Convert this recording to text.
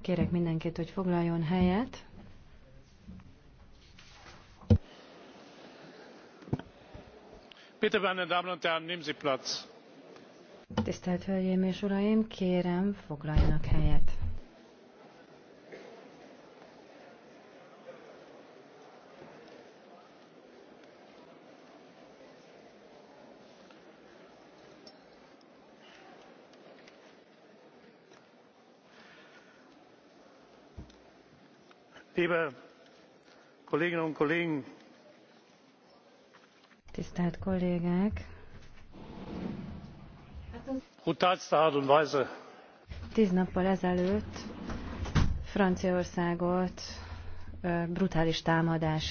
Kérek mindenkit, hogy foglaljon helyet. Tisztelt Hölgyeim és Uraim, kérem, foglaljanak helyet. liebe kolleginnen und kollegen! tisztelt kollégák! brutalste art und weise tz nappal ezelőtt franciaországot brutális támadás